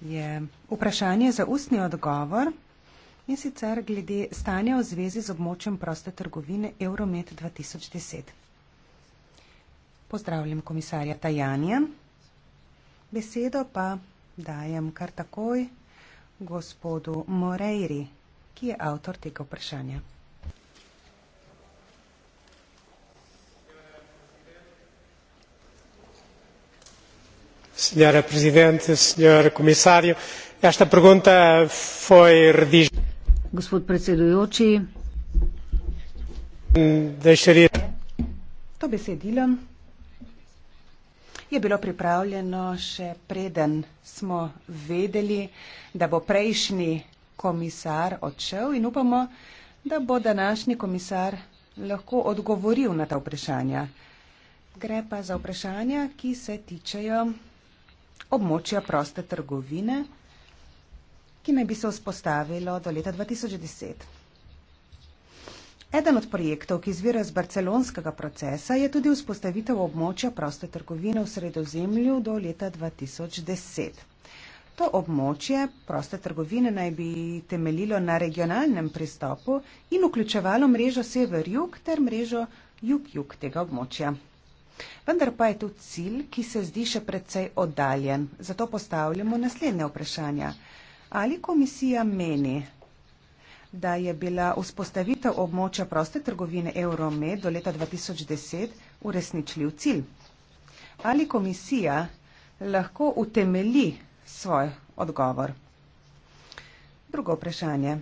je vprašanje za ustni odgovor in sicer glede stanja v zvezi z območjem proste trgovine Euromet 2010. Pozdravljam komisarja Tajanja. Besedo pa dajem kar takoj gospodu Moreiri, ki je avtor tega vprašanja. senhora presidente, senhor comissário, esta pergunta foi redigida. besedilo je bilo pripravljeno še preden smo vedeli, da bo prejšnji komisar odšel in upamo, da bo današnji komisar lahko odgovoril na ta vprašanja. Gre pa za vprašanja, ki se tičejo območja proste trgovine, ki naj bi se vzpostavilo do leta 2010. Eden od projektov, ki izvira iz barcelonskega procesa, je tudi vzpostavitev območja proste trgovine v sredozemlju do leta 2010. To območje proste trgovine naj bi temeljilo na regionalnem pristopu in vključevalo mrežo sever-jug ter mrežo jug-jug tega območja. Vendar pa je tu cilj, ki se zdi še predvsej oddaljen. Zato postavljamo naslednje vprašanje. Ali komisija meni, da je bila vzpostavitev območja proste trgovine Euromed do leta 2010 uresničljiv cilj? Ali komisija lahko utemeli svoj odgovor? Drugo vprašanje.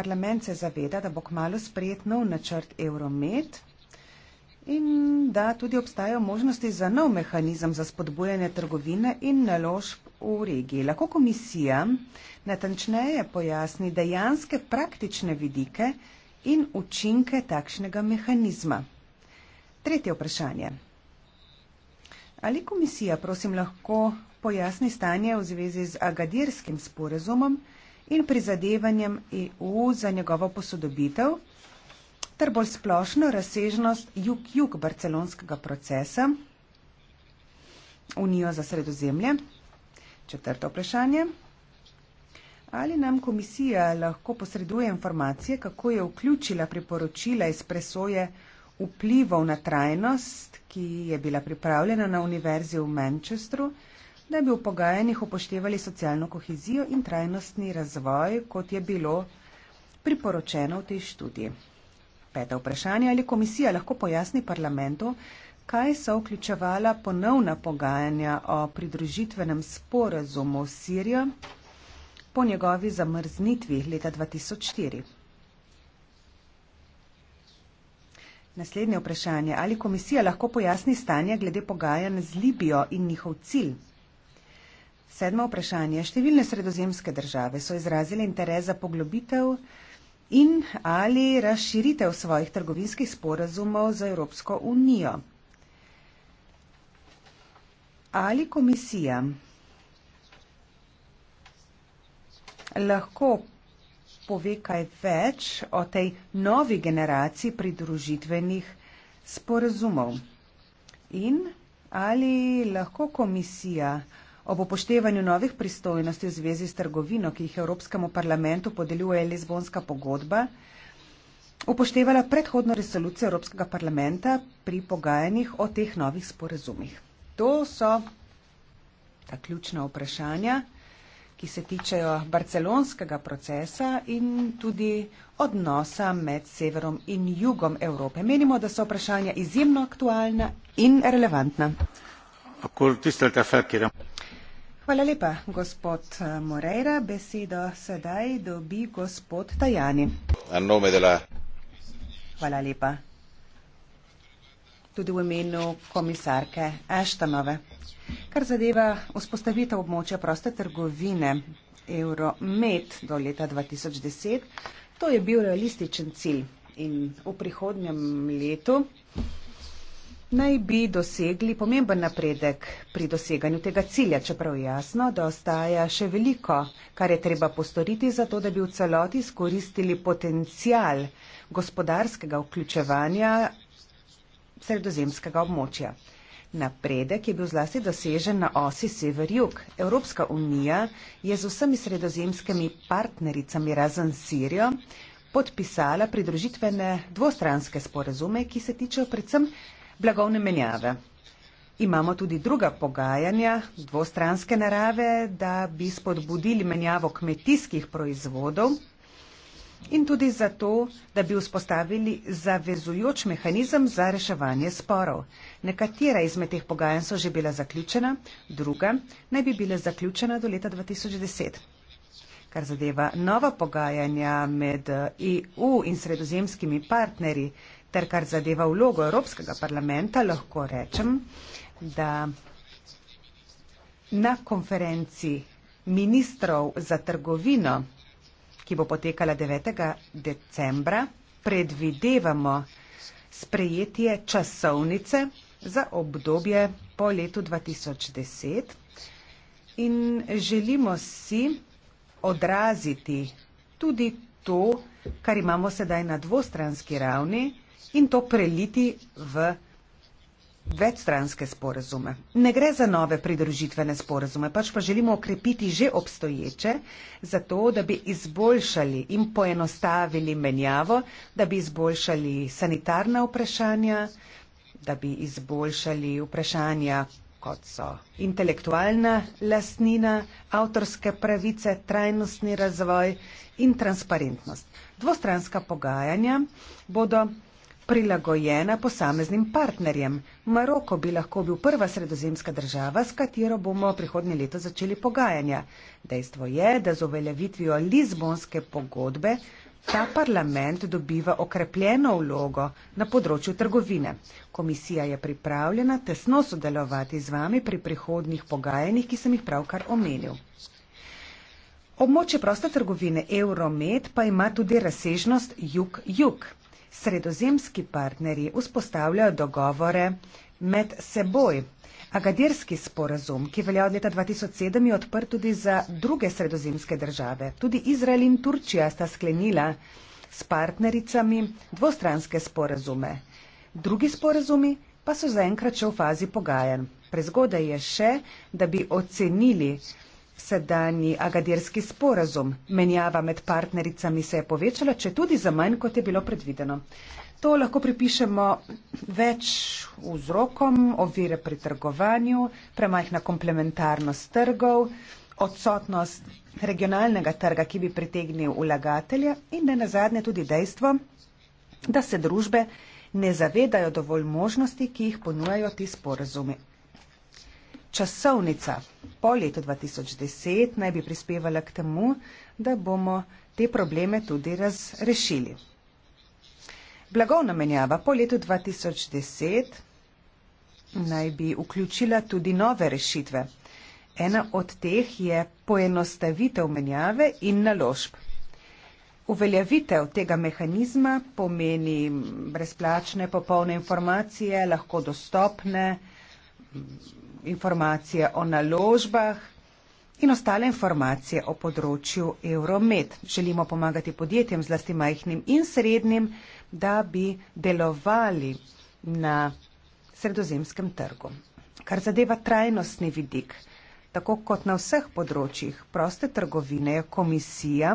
Parlament se zaveda, da bo kmalo sprejet nov načrt Euromed. In da tudi obstajajo možnosti za nov mehanizem za spodbujanje trgovine in naložb v regiji. Lahko komisija natančneje pojasni dejanske praktične vidike in učinke takšnega mehanizma. Tretje vprašanje. Ali komisija, prosim, lahko pojasni stanje v zvezi z agadirskim sporazumom in prizadevanjem EU za njegovo posodobitev? ter bolj splošno razsežnost jug-jug barcelonskega procesa Unijo za sredozemlje? Četrto vprašanje. Ali nam komisija lahko posreduje informacije, kako je vključila priporočila iz presoje vplivov na trajnost, ki je bila pripravljena na Univerzi v Manchesteru, da bi v pogajanjih upoštevali socialno kohezijo in trajnostni razvoj, kot je bilo priporočeno v tej študiji? Peto vprašanje, ali komisija lahko pojasni parlamentu, kaj so vključevala ponovna pogajanja o pridružitvenem sporazumu s Sirijo po njegovi zamrznitvi leta 2004. Naslednje vprašanje, ali komisija lahko pojasni stanje glede pogajanj z Libijo in njihov cilj. Sedmo vprašanje. Številne sredozemske države so izrazile interes za poglobitev in ali razširitev svojih trgovinskih sporazumov z Evropsko unijo. Ali komisija lahko pove kaj več o tej novi generaciji pridružitvenih sporazumov in ali lahko komisija Ob upoštevanju novih pristojnosti v zvezi s trgovino, ki jih Evropskemu parlamentu podeljuje Lizbonska pogodba, upoštevala predhodno resolucijo Evropskega parlamenta pri pogajanjih o teh novih sporazumih. To so ta ključna vprašanja, ki se tičejo barcelonskega procesa in tudi odnosa med severom in jugom Evrope. Menimo, da so vprašanja izjemno aktualna in relevantna. Hvala lepa, gospod eh, Moreira. Besedo sedaj dobi gospod Tajani. Hvala lepa. Tudi v imenu komisarke Eštanove. Kar zadeva vzpostavitev območja proste trgovine Euromed do leta 2010, to je bil realističen cilj. In v prihodnjem letu naj bi dosegli pomemben napredek pri doseganju tega cilja, čeprav je jasno, da ostaja še veliko, kar je treba postoriti za to, da bi v celoti skoristili potencial gospodarskega vključevanja sredozemskega območja. Napredek je bil zlasti dosežen na osi sever-jug. Evropska unija je z vsemi sredozemskimi partnericami razen Sirijo podpisala pridružitvene dvostranske sporezume, ki se tičejo predvsem blagovne menjave. Imamo tudi druga pogajanja dvostranske narave, da bi spodbudili menjavo kmetijskih proizvodov in tudi zato, da bi vzpostavili zavezujoč mehanizem za reševanje sporov. Nekatera izmed teh pogajanj so že bila zaključena, druga naj bi bila zaključena do leta 2010. Kar zadeva nova pogajanja med EU eh, e in sredozemskimi partnerji, Ter kar zadeva vlogo Evropskega parlamenta, lahko rečem, da na konferenci ministrov za trgovino, ki bo potekala 9. decembra, predvidevamo sprejetje časovnice za obdobje po letu 2010 in želimo si odraziti tudi to, kar imamo sedaj na dvostranski ravni, in to preliti v večstranske sporazume. Ne gre za nove pridružitvene sporazume, pač pa želimo okrepiti že obstoječe, zato da bi izboljšali in poenostavili menjavo, da bi izboljšali sanitarna vprašanja, da bi izboljšali vprašanja kot so intelektualna lastnina, avtorske pravice, trajnostni razvoj in transparentnost. Dvostranska pogajanja bodo prilagojena posameznim partnerjem. Maroko bi lahko bil prva sredozemska država, s katero bomo prihodnje leto začeli pogajanja. Dejstvo je, da z uveljavitvijo Lizbonske pogodbe ta parlament dobiva okrepljeno vlogo na področju trgovine. Komisija je pripravljena tesno sodelovati z vami pri prihodnjih pogajanjih, ki sem jih pravkar omenil. Območje proste trgovine Euromed pa ima tudi razsežnost jug-jug sredozemski partnerji vzpostavljajo dogovore med seboj. Agadirski sporazum, ki velja od leta 2007, je odprt tudi za druge sredozemske države. Tudi Izrael in Turčija sta sklenila s partnericami dvostranske sporazume. Drugi sporazumi pa so zaenkrat še v fazi pogajanj. Prezgodaj je še, da bi ocenili Sedanji agadirski sporazum, menjava med partnericami se je povečala, če tudi za manj, kot je bilo predvideno. To lahko pripišemo več vzrokom, ovire pri trgovanju, premajhna komplementarnost trgov, odsotnost regionalnega trga, ki bi pritegnil ulagatelja in ne nazadnje tudi dejstvo, da se družbe ne zavedajo dovolj možnosti, ki jih ponujajo ti sporazumi časovnica po letu 2010 naj bi prispevala k temu, da bomo te probleme tudi razrešili. Blagovna menjava po letu 2010 naj bi vključila tudi nove rešitve. Ena od teh je poenostavitev menjave in naložb. Uveljavitev tega mehanizma pomeni brezplačne, popolne informacije, lahko dostopne, informacije o naložbah in ostale informacije o področju Euromed. Želimo pomagati podjetjem, zlasti majhnim in srednjim, da bi delovali na sredozemskem trgu. Kar zadeva trajnostni vidik, tako kot na vseh področjih proste trgovine, je komisija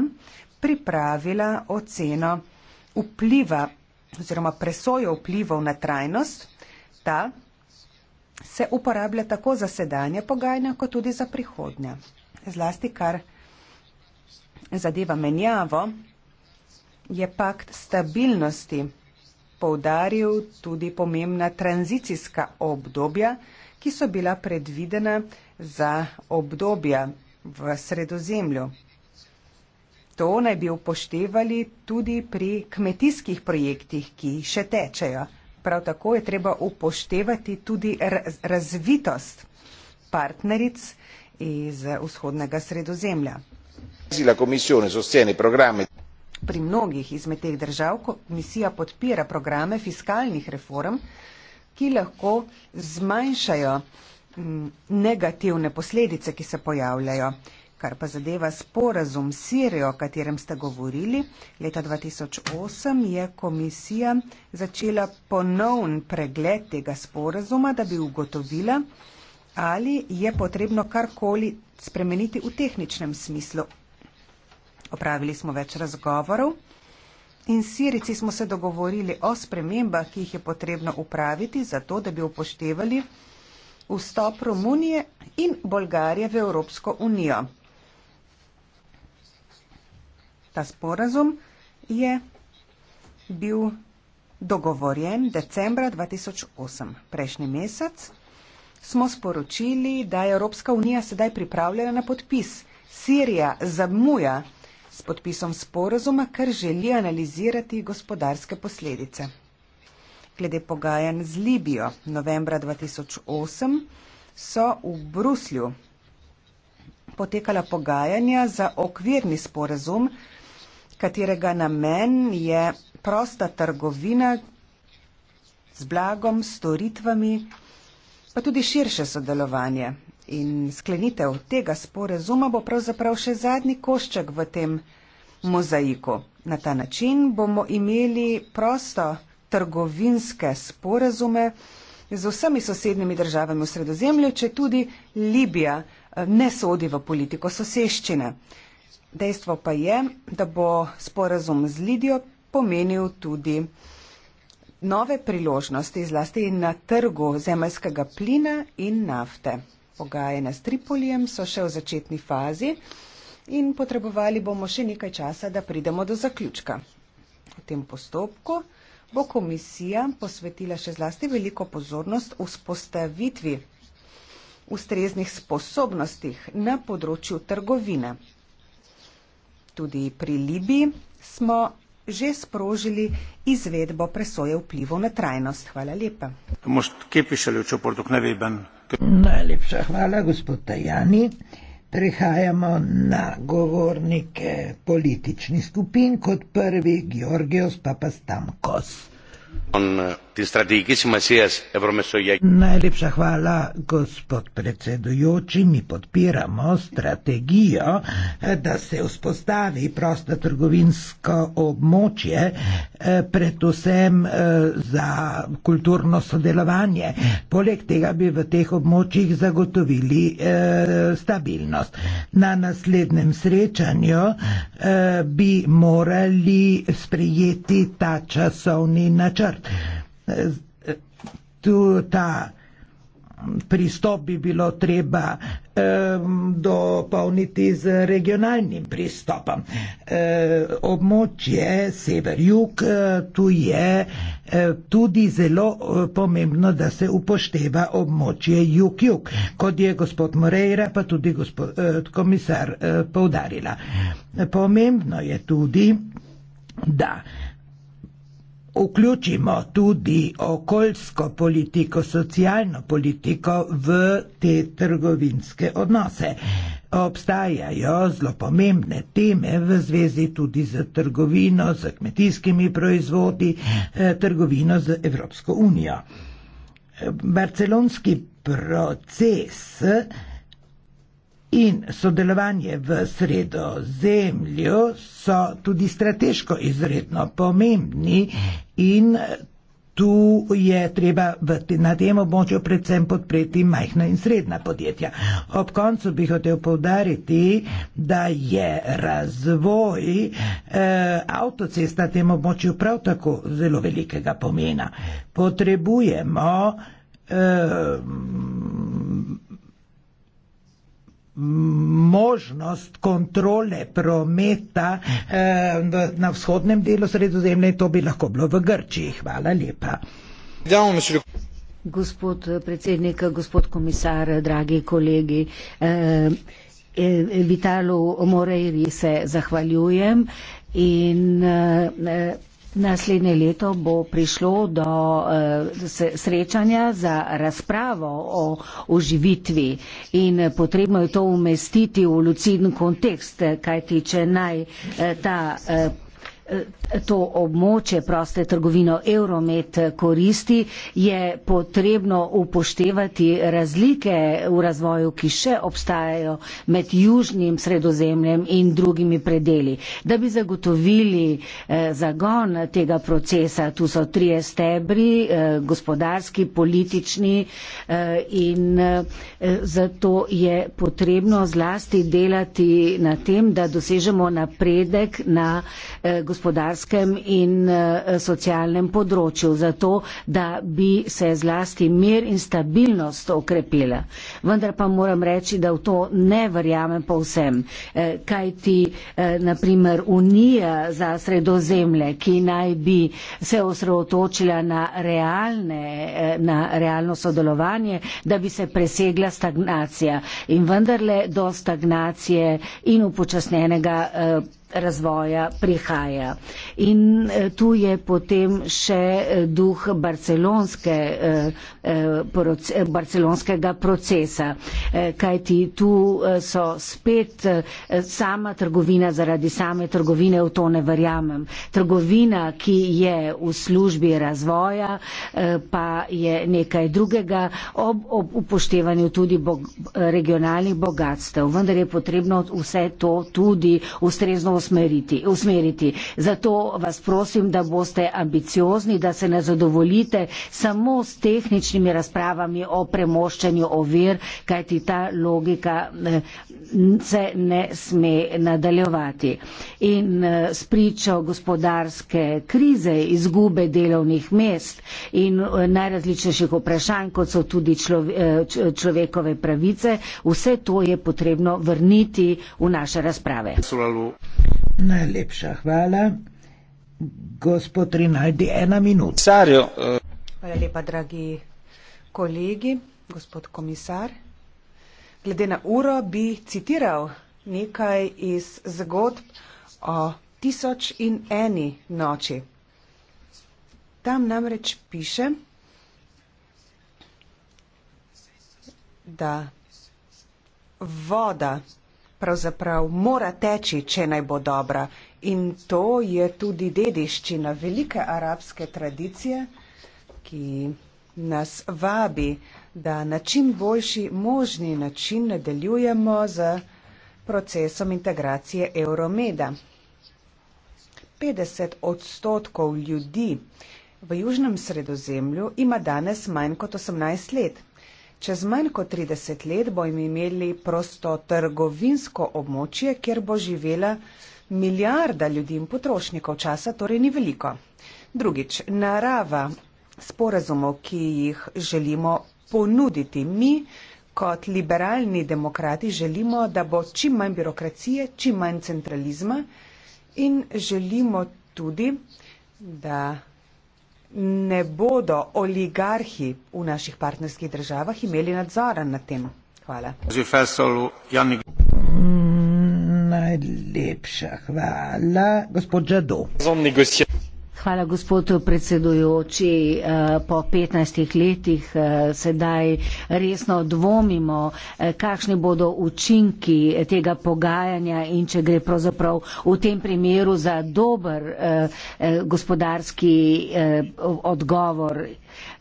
pripravila oceno vpliva oziroma presojo vplivov na trajnost. Ta se uporablja tako za sedanje pogajanja, kot tudi za prihodnje. Zlasti, kar zadeva menjavo, je pakt stabilnosti poudaril tudi pomembna tranzicijska obdobja, ki so bila predvidena za obdobja v sredozemlju. To naj bi upoštevali tudi pri kmetijskih projektih, ki še tečejo prav tako je treba upoštevati tudi razvitost partneric iz vzhodnega sredozemlja. Pri mnogih izmed teh držav komisija podpira programe fiskalnih reform, ki lahko zmanjšajo mm, negativne posledice, ki se pojavljajo. Kar pa zadeva sporazum s Sirijo, o katerem ste govorili, leta 2008 je komisija začela ponovn pregled tega sporazuma, da bi ugotovila, ali je potrebno karkoli spremeniti v tehničnem smislu. Opravili smo več razgovorov in Sirici smo se dogovorili o spremembah, ki jih je potrebno upraviti, zato da bi upoštevali vstop Romunije in Bolgarije v Evropsko unijo. Ta sporazum je bil dogovorjen decembra 2008. Prejšnji mesec smo sporočili, da je Evropska unija sedaj pripravljena na podpis. Sirija zamuja s podpisom sporazuma, ker želi analizirati gospodarske posledice. Glede pogajanj z Libijo novembra 2008 so v Bruslju potekala pogajanja za okvirni sporazum, katerega namen je prosta trgovina z blagom, storitvami, pa tudi širše sodelovanje. In sklenitev tega sporezuma bo pravzaprav še zadnji košček v tem mozaiku. Na ta način bomo imeli prosto trgovinske sporezume z vsemi sosednjimi državami v sredozemlju, če tudi Libija eh, ne sodi v politiko soseščine. Dejstvo pa je, da bo sporazum z Lidijo pomenil tudi nove priložnosti, zlasti na trgu zemljskega plina in nafte. Pogajanja s Tripolijem so še v začetni fazi in potrebovali bomo še nekaj časa, da pridemo do zaključka. V tem postopku bo komisija posvetila še zlasti veliko pozornost vzpostavitvi ustreznih sposobnostih na področju trgovine. Tudi pri Libiji smo že sprožili izvedbo presoje vplivov na trajnost. Hvala lepa. Najlepša hvala, gospod Tajani. Prehajamo na govornike političnih skupin, kot prvi Georgios Papastamkos τη στρατηγική σημασία Ευρωμεσογειακή. Να έλειψα χαλά, κοσπότ πρετσέντουιότσι, μη ποτ πείραμο, στρατηγείο, να σε ουσποστάδει προ τα τουρκουβίνσκο ομότσιε, πρετουσέμ ζα κουλτούρνο σοδελοβάνιε. Πολέκ τέγα μπι βατέχ ομότσι ζαγοτοβίλι σταβίλνο. Να наследnem srečanju eh, bi morali sprejeti ta časovni načrt tu ta pristop bi bilo treba dopolniti z regionalnim pristopom. Območje sever-jug, eh, tu je eh, tudi zelo eh, pomembno, da se upošteva območje jug-jug, kot je gospod Morejra, pa tudi gospod komisar povdarila. Pomembno je tudi, da vključimo tudi okoljsko politiko, socialno politiko v te trgovinske odnose. Obstajajo zelo pomembne teme v zvezi tudi z trgovino, z kmetijskimi proizvodi, eh, trgovino z Evropsko unijo. Barcelonski proces in sodelovanje v sredozemlju so tudi strateško izredno pomembni in tu je treba te, na tem območju predvsem podpreti majhna in srednja podjetja. Ob koncu bi hotel povdariti, da je razvoj eh, avtocest na tem območju prav tako zelo velikega pomena. Potrebujemo eh, možnost kontrole prometa eh, na vzhodnem delu sredozemlja in to bi lahko bilo v Grčiji. Hvala lepa. Gospod predsednik, gospod komisar, dragi kolegi, eh, eh Vitalu Morejri se zahvaljujem in eh, Naslednje leto bo prišlo do uh, srečanja za razpravo o oživitvi in potrebno je to umestiti v lucidni kontekst, kaj tiče naj uh, ta. Uh, to območje proste trgovino Euromet koristi, je potrebno upoštevati razlike v razvoju, ki še obstajajo med južnim sredozemljem in drugimi predeli. Da bi zagotovili eh, zagon tega procesa, tu so trije stebri, eh, gospodarski, politični eh, in zato je potrebno zlasti delati na tem, da dosežemo napredek na gospodarstvo gospodarskem in eh, socialnem področju, zato da bi se zlasti mir in stabilnost okrepila. Vendar pa moram reči, da v to ne verjamem povsem, eh, kajti eh, naprimer Unija za sredozemlje, ki naj bi se osredotočila na, realne, na realno sodelovanje, da bi se presegla stagnacija in vendarle do stagnacije in upočasnjenega razvoja prihaja. In eh, tu je potem še eh, duh barcelonske, eh, barcelonskega procesa, kajti tu so spet sama trgovina, zaradi same trgovine v to ne verjamem. Trgovina, ki je v službi razvoja, pa je nekaj drugega, ob, ob upoštevanju tudi bog, regionalnih bogatstev. Vendar je potrebno vse to tudi ustrezno usmeriti, usmeriti. Zato vas prosim, da boste ambiciozni, da se ne zadovoljite samo s tehničnimi razpravami o premoščanju ovir, kajti ta logika eh, se ne sme nadaljevati. In eh, s pričo gospodarske krize, izgube delovnih mest in eh, najrazličnejših vprašanj, kot so tudi človekove pravice, vse to je potrebno vrniti v naše razprave. Najlepša hvala. Gospod Rinaldi, ena minuta. Sarjo, uh... Hvala lepa, dragi kolegi, gospod komisar. Glede na uro bi citiral nekaj iz zgodb o tisoč in eni noči. Tam namreč piše, da voda pravzaprav mora teči, če naj bo dobra. In to je tudi dediščina velike arabske tradicije, ki nas vabi, da na čim boljši možni način nadaljujemo z procesom integracije Euromeda. 50 odstotkov ljudi v Južnem sredozemlju ima danes manj kot 18 let. Čez manj kot 30 let bomo imeli prosto trgovinsko območje, kjer bo živela milijarda ljudi in potrošnikov časa, torej ni veliko. Drugič, narava sporazumov, ki jih želimo ponuditi mi, kot liberalni demokrati, želimo, da bo čim manj birokracije, čim manj centralizma in želimo tudi, da ne bodo oligarhi v naših partnerskih državah imeli nadzora nad tem. Hvala. Najlepša hvala, gospod Džado. Hvala, gospod predsedujoči. Eh, po 15 letih eh, sedaj resno dvomimo, eh, kakšni bodo učinki tega pogajanja in če gre pravzaprav v tem primeru za dober gospodarski odgovor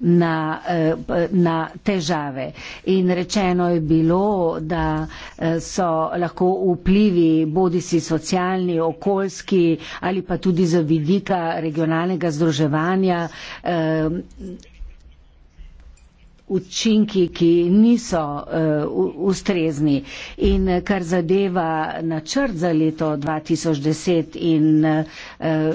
na, eh, na težave. In rečeno je bilo, da eh, so lahko vplivi bodi si socialni, okoljski ali pa tudi za vidika regionalnega združevanja eh, učinki, ki niso uh, ustrezni. In eh, kar zadeva načrt za leto 2010 in uh,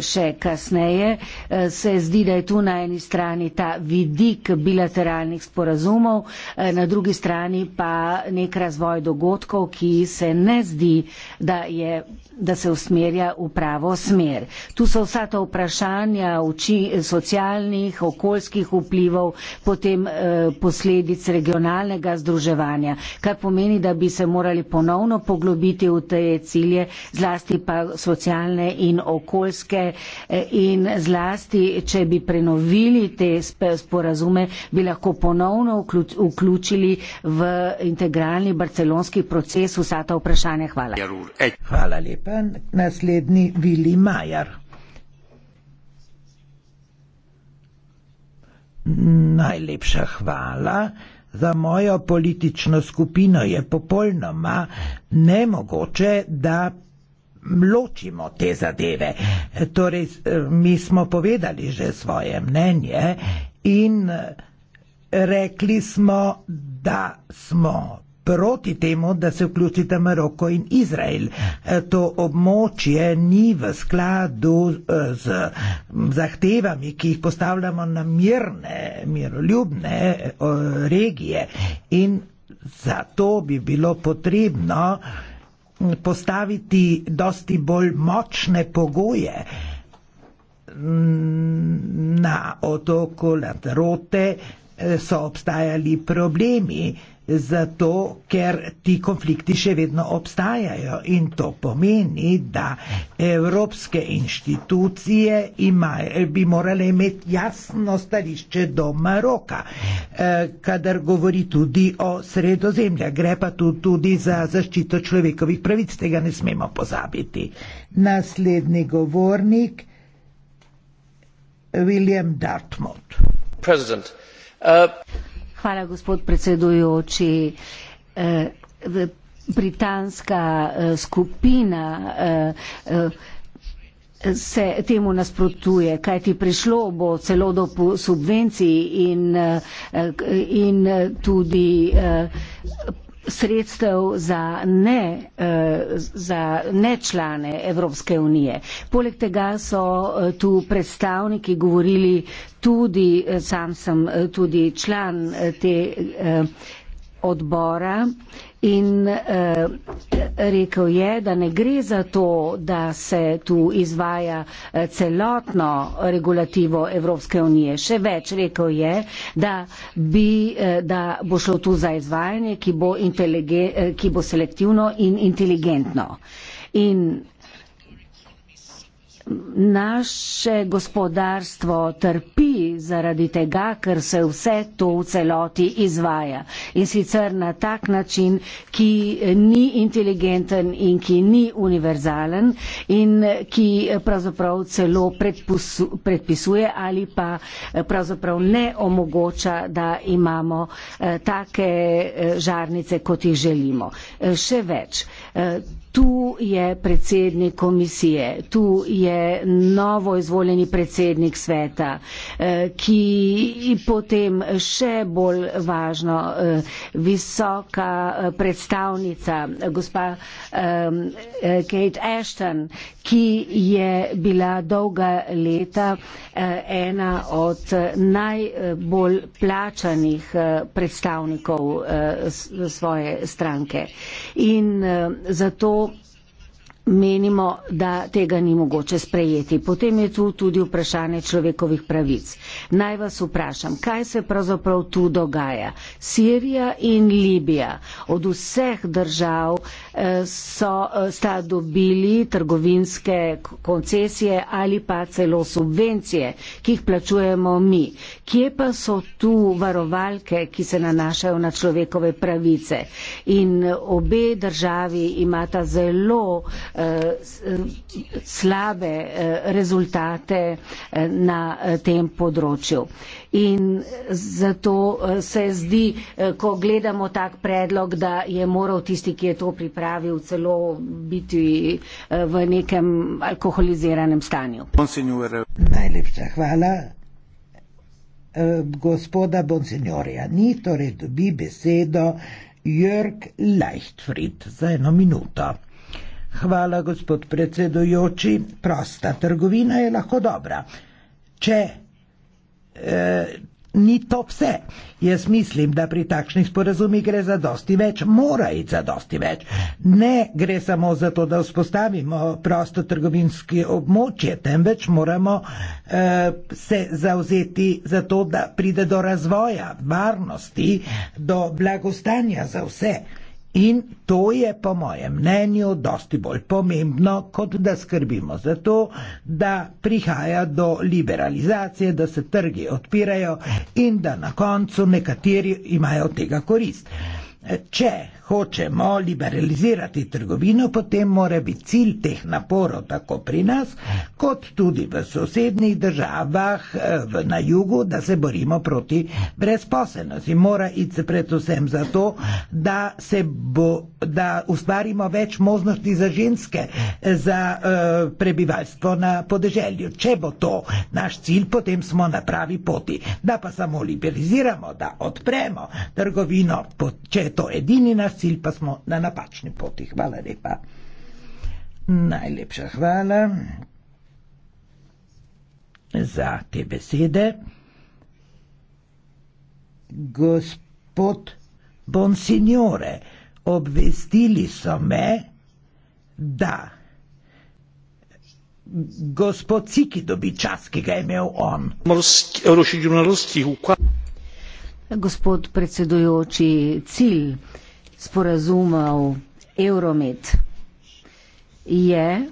še kasneje, uh, se zdi, da je tu na eni strani ta vidik bilateralnih sporazumov, uh, na drugi strani pa nek razvoj dogodkov, ki se ne zdi, da, je, da se usmerja v pravo smer. Tu so vsa ta vprašanja uči, socialnih, okoljskih vplivov, potem uh, posledic regionalnega združevanja, kar pomeni, da bi se morali ponovno poglobiti v te cilje, zlasti pa socialne in okoljske eh, in zlasti, če bi prenovili te sporazume, bi lahko ponovno vključili v integralni barcelonski proces vsa ta vprašanja. Hvala. Hvala lepa. Naslednji Vili Majar. Najlepša hvala. Za mojo politično skupino je popolnoma nemogoče, da ločimo te zadeve. Torej, eh, mi smo povedali že svoje mnenje in eh, rekli smo, da smo proti temu, da se vključita Maroko in Izrael. E, to območje ni v skladu e, z zahtevami, ki jih postavljamo na mirne, miroljubne regije in zato bi bilo potrebno postaviti dosti bolj močne pogoje na otoku Lantarote, so obstajali problemi, zato ker ti konflikti še vedno obstajajo in to pomeni, da evropske inštitucije imajo, bi morale imeti jasno stališče do Maroka, eh, kadar govori tudi o sredozemlja, gre pa tu tudi za zaščito človekovih pravic, tega ne smemo pozabiti. Naslednji govornik, William Dartmouth. President, Hvala, gospod predsedujoči. E, britanska e, skupina e, se temu nasprotuje, kaj ti prišlo, bo celo do subvencij in, in tudi sredstev za ne, eh, za ne člane Evropske unije. Poleg tega so eh, tu predstavniki govorili tudi, eh, sam sem tudi član te odbora, In eh, rekel je, da ne gre za to, da se tu izvaja eh, celotno regulativo Evropske unije. Še več rekel je, da, bi, eh, da bo šlo tu za izvajanje, ki bo, ki bo selektivno in inteligentno. In naše gospodarstvo trpi zaradi tega, ker se vse to v celoti izvaja. In sicer na tak način, ki ni inteligenten in ki ni univerzalen in ki pravzaprav celo predpisuje ali pa eh, pravzaprav ne omogoča, da imamo eh, take eh, žarnice, kot jih želimo. Še več. Tu je predsednik komisije, tu je novo izvoljeni predsednik sveta, eh, ki potem še bolj važno eh, visoka eh, predstavnica, gospa Kate Ashton, ki je bila dolga leta ena od najbolj plačanih predstavnikov svoje stranke. In zato menimo, da tega ni mogoče sprejeti. Potem je tu tudi vprašanje človekovih pravic. Naj vas vprašam, kaj se pravzaprav tu dogaja? Sirija in Libija od vseh držav eh, so, eh, sta dobili trgovinske koncesije ali pa celo subvencije, ki jih plačujemo mi. Kje pa so tu varovalke, ki se nanašajo na človekove pravice? In eh, obe državi imata zelo slabe eh, rezultate eh, na eh, tem področju. In zato se zdi, ko gledamo tak predlog, da je moral tisti, ki je to pripravil, celo biti v nekem alkoholiziranem stanju. Monsignore. Najlepša hvala. Gospoda Bonsignorja, ni torej dobi besedo Jörg Leichtfried za eno minuto. Hvala, gospod predsedujoči. Prosta trgovina je lahko dobra. Če e, ni to vse, jaz mislim, da pri takšnih sporazumih gre za dosti več, mora iti za dosti več. Ne gre samo za to, da vzpostavimo prosto trgovinske območje, temveč moramo e, se zauzeti za to, da pride do razvoja, varnosti, do blagostanja za vse. In to je po mojem mnenju dosti bolj pomembno, kot da skrbimo za to, da prihaja do liberalizacije, da se trgi odpirajo in da na koncu nekateri imajo od tega korist. Če hočemo liberalizirati trgovino, potem mora biti cilj teh naporov tako pri nas, kot tudi v sosednjih državah eh, na jugu, da se borimo proti brezposelnosti. Mora iti predvsem zato, da, bo, da ustvarimo več možnosti za ženske, eh, za eh, prebivalstvo na podeželju. Če bo to naš cilj, potem smo na pravi poti. Da pa samo liberaliziramo, da odpremo trgovino, če je to edini naš cilj pa smo na napačni poti. Hvala lepa. Najlepša hvala za te besede. Gospod Bonsignore, obvestili so me, da gospod Ciki dobi čas, ki ga je imel on. Gospod predsedujoči, cilj sporazumov Euromed je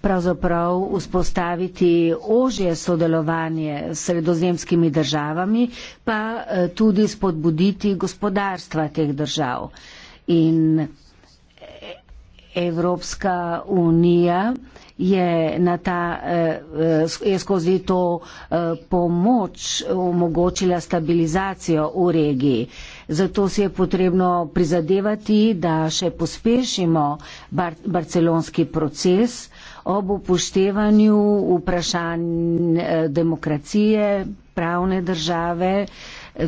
pravzaprav vzpostaviti ožje sodelovanje s sredozemskimi državami, pa eh, tudi spodbuditi gospodarstva teh držav. In eh, Evropska unija je, ta, eh, je skozi to pomoč omogočila stabilizacijo v regiji. Zato si je potrebno prizadevati, da še pospešimo bar barcelonski proces ob upoštevanju vprašanj eh, demokracije, pravne države,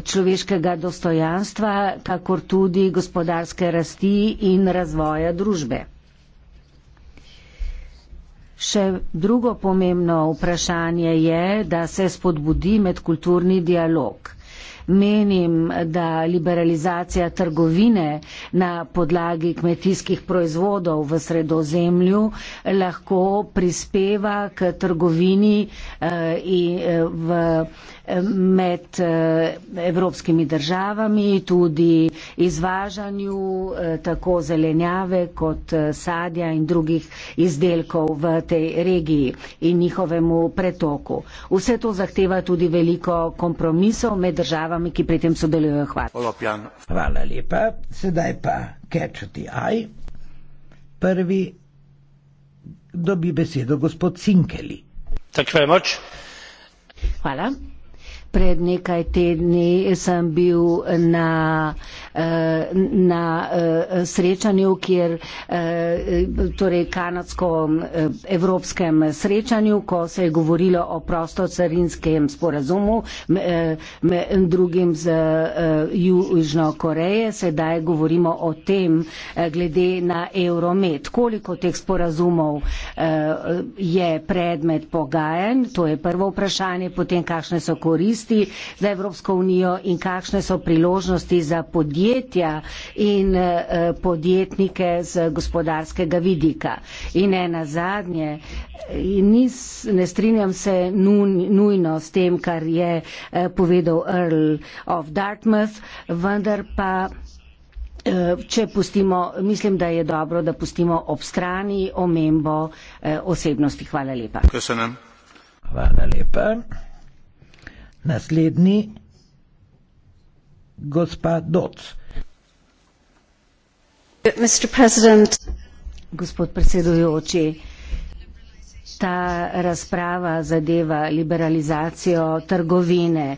človeškega dostojanstva, kakor tudi gospodarske rasti in razvoja družbe. Še drugo pomembno vprašanje je, da se spodbudi medkulturni dialog menim, da liberalizacija trgovine na podlagi kmetijskih proizvodov v sredozemlju lahko prispeva k trgovini eh, eh, v eh, med evropskimi državami, tudi izvažanju tako zelenjave kot sadja in drugih izdelkov v tej regiji in njihovemu pretoku. Vse to zahteva tudi veliko kompromisov med državami, državami, ki pri tem sodelujejo. Hvala. Hvala lepa. Sedaj pa kečati aj. Prvi dobi besedo gospod Cinkeli. Takve moč. Hvala. Pred nekaj tedni sem bil na Eh, na eh, srečanju, kjer, eh, torej kanadsko-evropskem srečanju, ko se je govorilo o prostocarinskem sporazumu, drugim z Južno Koreje, sedaj govorimo o tem, glede na Euromed. Koliko teh sporazumov je predmet pogajanj, to je prvo vprašanje, potem kakšne so koristi za Evropsko unijo in kakšne so priložnosti za podjetje, podjetja in eh, podjetnike z gospodarskega vidika. In ena zadnje, nis, ne strinjam se nujno s tem, kar je eh, povedal Earl of Dartmouth, vendar pa. Eh, če pustimo, mislim, da je dobro, da pustimo ob strani omembo osebnosti. Hvala lepa. Hvala lepa. Naslednji gospa Doc. Gospod predsedujoči, ta razprava zadeva liberalizacijo trgovine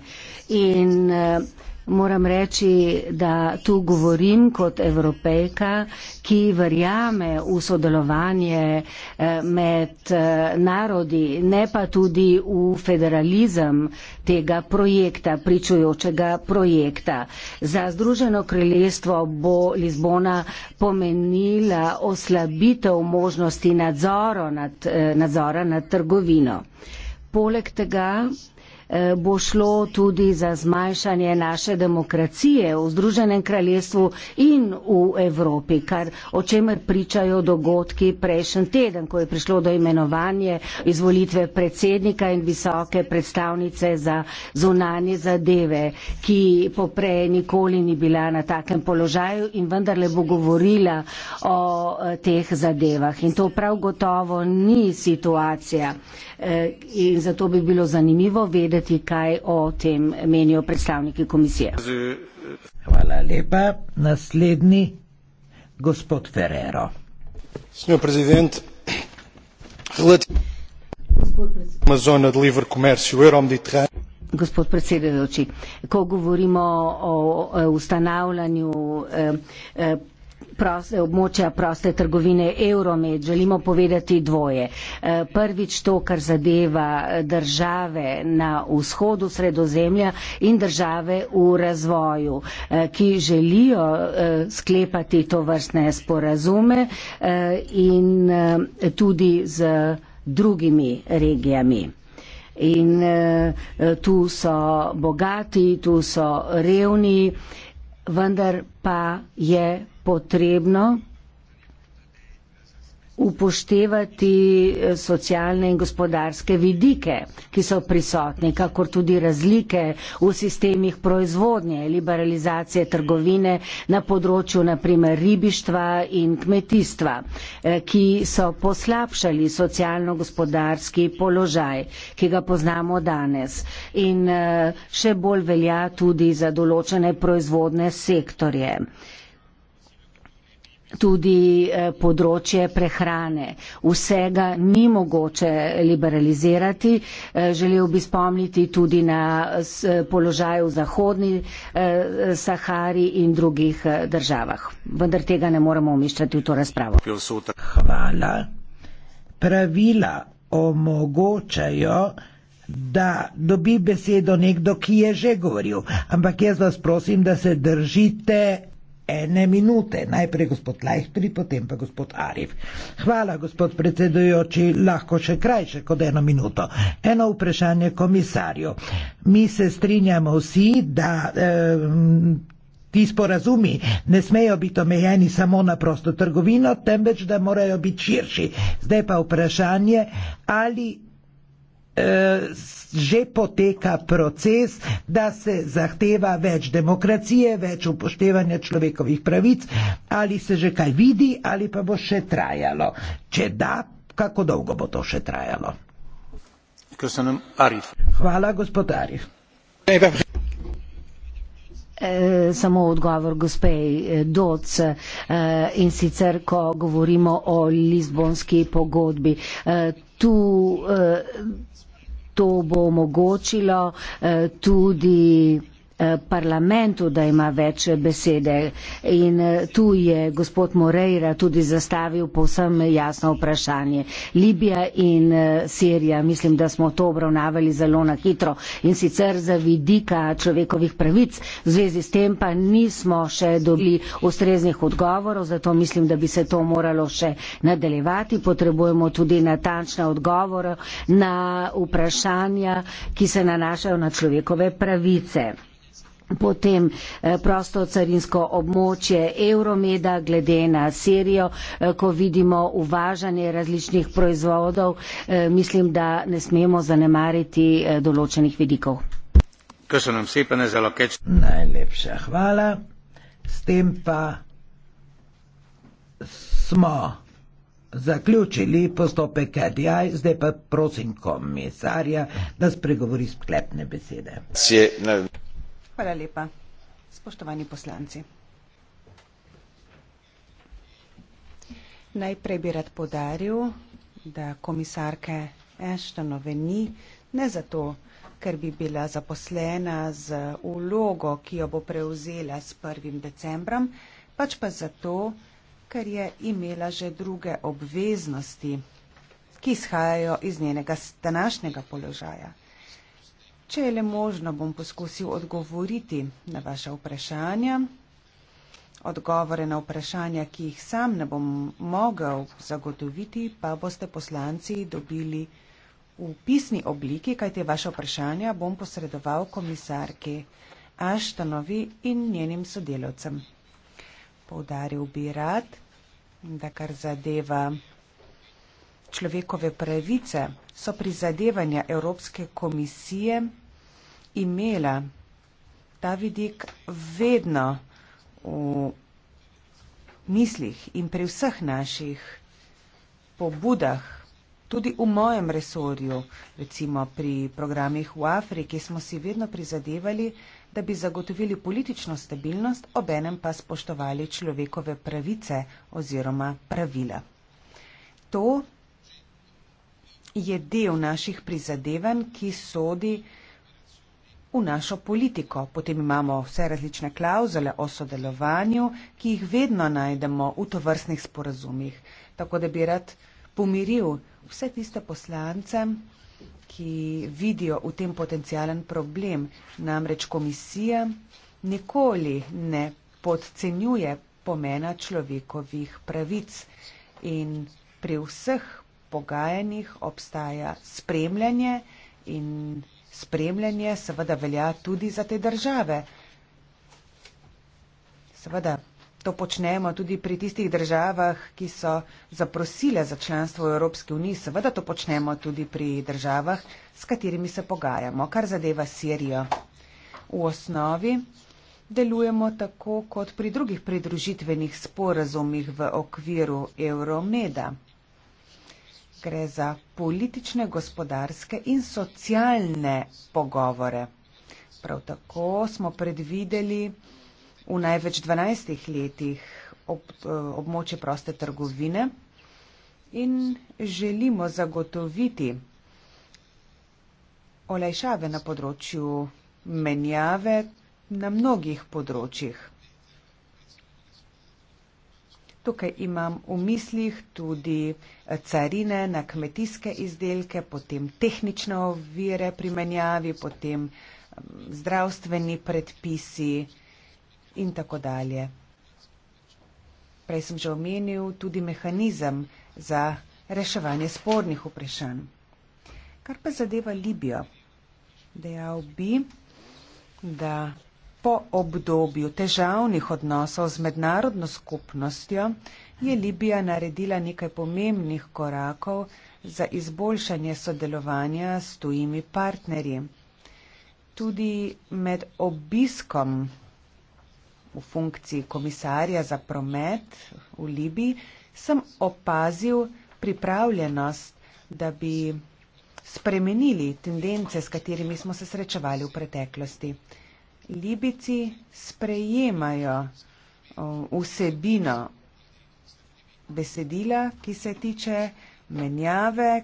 in eh, moram reči, da tu govorim kot evropejka, ki verjame v sodelovanje eh, med eh, narodi, ne pa tudi v federalizem tega projekta, pričujočega projekta. Za Združeno kraljestvo bo Lizbona pomenila oslabitev možnosti nadzora nad, eh, nadzora nad trgovino. Poleg tega Eh, bo šlo tudi za zmanjšanje naše demokracije v Združenem kraljestvu in v Evropi, kar, o čemer pričajo dogodki prejšen teden, ko je prišlo do imenovanja izvolitve predsednika in visoke predstavnice za zunanje zadeve, ki poprej nikoli ni bila na takem položaju in vendarle bo govorila o eh, teh zadevah. In to prav gotovo ni situacija. Eh, in zato bi bilo zanimivo vedeti, kaj o tem menijo predstavniki komisije. Hvala lepa. Naslednji gospod Ferrero. Senjor prezident, hrvati. Gospod predsedujoči, ko govorimo o, o ustanavljanju eh, eh, proste, območja proste trgovine Euromed želimo povedati dvoje. E, prvič to, kar zadeva države na vzhodu sredozemlja in države v razvoju, e, ki želijo e, sklepati to vrstne sporazume in tudi z drugimi regijami. In tu so bogati, tu so revni vendar pa je potrebno upoštevati eh, socialne in gospodarske vidike, ki so prisotni, kakor tudi razlike v sistemih proizvodnje, liberalizacije trgovine na področju naprimer ribištva in kmetijstva, eh, ki so poslabšali socialno-gospodarski položaj, ki ga poznamo danes. In eh, še bolj velja tudi za določene proizvodne sektorje tudi eh, področje prehrane. Vsega ni mogoče liberalizirati. Eh, želel bi spomniti tudi na položaj v Zahodni eh, Sahari in drugih državah. Vendar tega ne moremo umiščati v to razpravo. Hvala. Pravila omogočajo, da dobi besedo nekdo, ki je že govoril. Ampak jaz vas prosim, da se držite ene minute. Najprej gospod Lajhtri, potem pa gospod Arif. Hvala, gospod predsedujoči, lahko še krajše kot eno minuto. Eno vprašanje komisarju. Mi se strinjamo vsi, da. Eh, Ti sporazumi ne smejo biti omejeni samo na prosto trgovino, temveč da morajo biti širši. Zdaj pa vprašanje, ali Eh, že poteka proces, da se zahteva več demokracije, več upoštevanja človekovih pravic, ali se že kaj vidi, ali pa bo še trajalo. Če da, kako dolgo bo to še trajalo? Hvala, gospod Arif. E, samo odgovor gospe e, Doc e, in sicer, ko govorimo o Lizbonski pogodbi. Tu to bo omogočilo eh, tudi Eh, parlamentu, da ima več besede. In eh, tu je gospod Moreira tudi zastavil povsem jasno vprašanje. Libija in eh, Sirija, mislim, da smo to obravnavali zelo na hitro in sicer za vidika človekovih pravic. V zvezi s tem pa nismo še dobili ustreznih odgovorov, zato mislim, da bi se to moralo še nadaljevati. Potrebujemo tudi natančne odgovore na vprašanja, ki se nanašajo na človekove pravice potem eh, prosto carinsko območje Euromeda glede na Sirijo, eh, ko vidimo uvažanje različnih proizvodov, eh, mislim, da ne smemo zanemariti določenih vidikov. To so nam vsi pa ne zelo keč. Najlepša hvala. S tem pa smo zaključili postopek KDI, zdaj pa prosim komisarja, da spregovori sklepne besede. Sje, Hvala lepa. Spoštovani poslanci. Najprej bi rad podaril, da komisarke Eštanove ni ne zato, ker bi bila zaposlena z ulogo, ki jo bo prevzela s 1. decembrom, pač pa zato, ker je imela že druge obveznosti, ki izhajajo iz njenega današnjega položaja. Če je le možno, bom poskusil odgovoriti na vaše vprašanja. Odgovore na vprašanja, ki jih sam ne bom mogel zagotoviti, pa boste poslanci dobili v pisni obliki, kajte vaše vprašanja bom posredoval komisarki Aštanovi in njenim sodelovcem. Poudaril bi rad, da kar zadeva človekove pravice so prizadevanja Evropske komisije imela ta vidik vedno v mislih in pri vseh naših pobudah, tudi v mojem resorju, recimo pri programih v Afriki, smo si vedno prizadevali, da bi zagotovili politično stabilnost, obenem pa spoštovali človekove pravice oziroma pravila. To je del naših prizadevanj, ki sodi v našo politiko. Potem imamo vse različne klauzule o sodelovanju, ki jih vedno najdemo v tovrstnih sporazumih. Tako da bi rad pomiril vse tiste poslance, ki vidijo v tem potencijalen problem. Namreč komisija nikoli ne podcenjuje pomena človekovih pravic in pri vseh pogajanjih obstaja spremljanje in spremljanje seveda velja tudi za te države. Seveda to počnemo tudi pri tistih državah, ki so zaprosile za članstvo v Evropski uniji, seveda to počnemo tudi pri državah, s katerimi se pogajamo, kar zadeva Sirijo. V osnovi delujemo tako kot pri drugih pridružitvenih sporazumih v okviru Euromeda gre za politične, gospodarske in socialne pogovore. Prav tako smo predvideli v največ 12 letih ob, eh, območje proste trgovine in želimo zagotoviti olajšave na področju menjave na mnogih področjih. Tukaj imam v mislih tudi eh, carine na kmetijske izdelke, potem tehnične ovire pri menjavi, potem mm, zdravstveni predpisi in tako dalje. Prej sem že omenil tudi mehanizem za reševanje spornih vprašanj. Kar pa zadeva Libijo, dejal bi, da Po obdobju težavnih odnosov z mednarodno skupnostjo je Libija naredila nekaj pomembnih korakov za izboljšanje sodelovanja s tujimi partnerji. Tudi med obiskom v funkciji komisarja za promet v Libiji sem opazil pripravljenost, da bi spremenili tendence, s katerimi smo se srečevali v preteklosti. Libici sprejemajo vsebino besedila, ki se tiče menjave.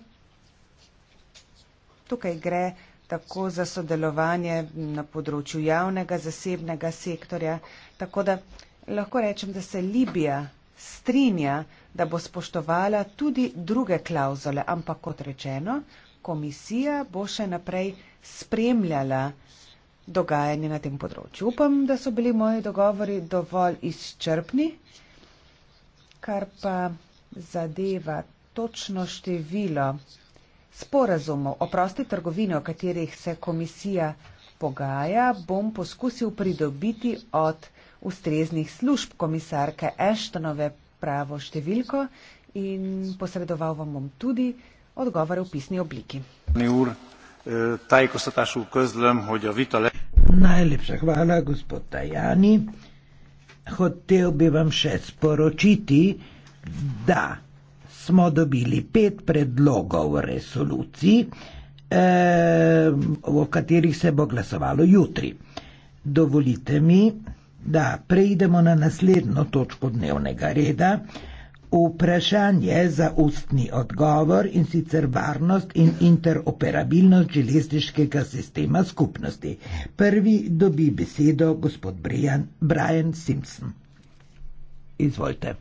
Tukaj gre tako za sodelovanje na področju javnega, zasebnega sektorja. Tako da lahko rečem, da se Libija strinja, da bo spoštovala tudi druge klauzule, ampak kot rečeno, komisija bo še naprej spremljala dogajanje na tem področju. Upam, da so bili moji dogovori dovolj izčrpni, kar pa zadeva točno število sporazumov o prosti trgovini, o katerih se komisija pogaja, bom poskusil pridobiti od ustreznih služb komisarke Eštonove pravo številko in posredoval vam bom tudi odgovore v pisni obliki. Ni ur tájékoztatásul közlöm, hogy a vita le... Najlepša hvala, gospod Tajani. Hotel bi vam še sporočiti, da smo dobili pet predlogov resolucij, eh, o katerih se bo glasovalo jutri. Dovolite mi, da preidemo na naslednjo točko dnevnega reda vprašanje za ustni odgovor in sicer varnost in interoperabilnost železniškega sistema skupnosti. Prvi dobi besedo gospod Brian, Brian Simpson. Izvolite.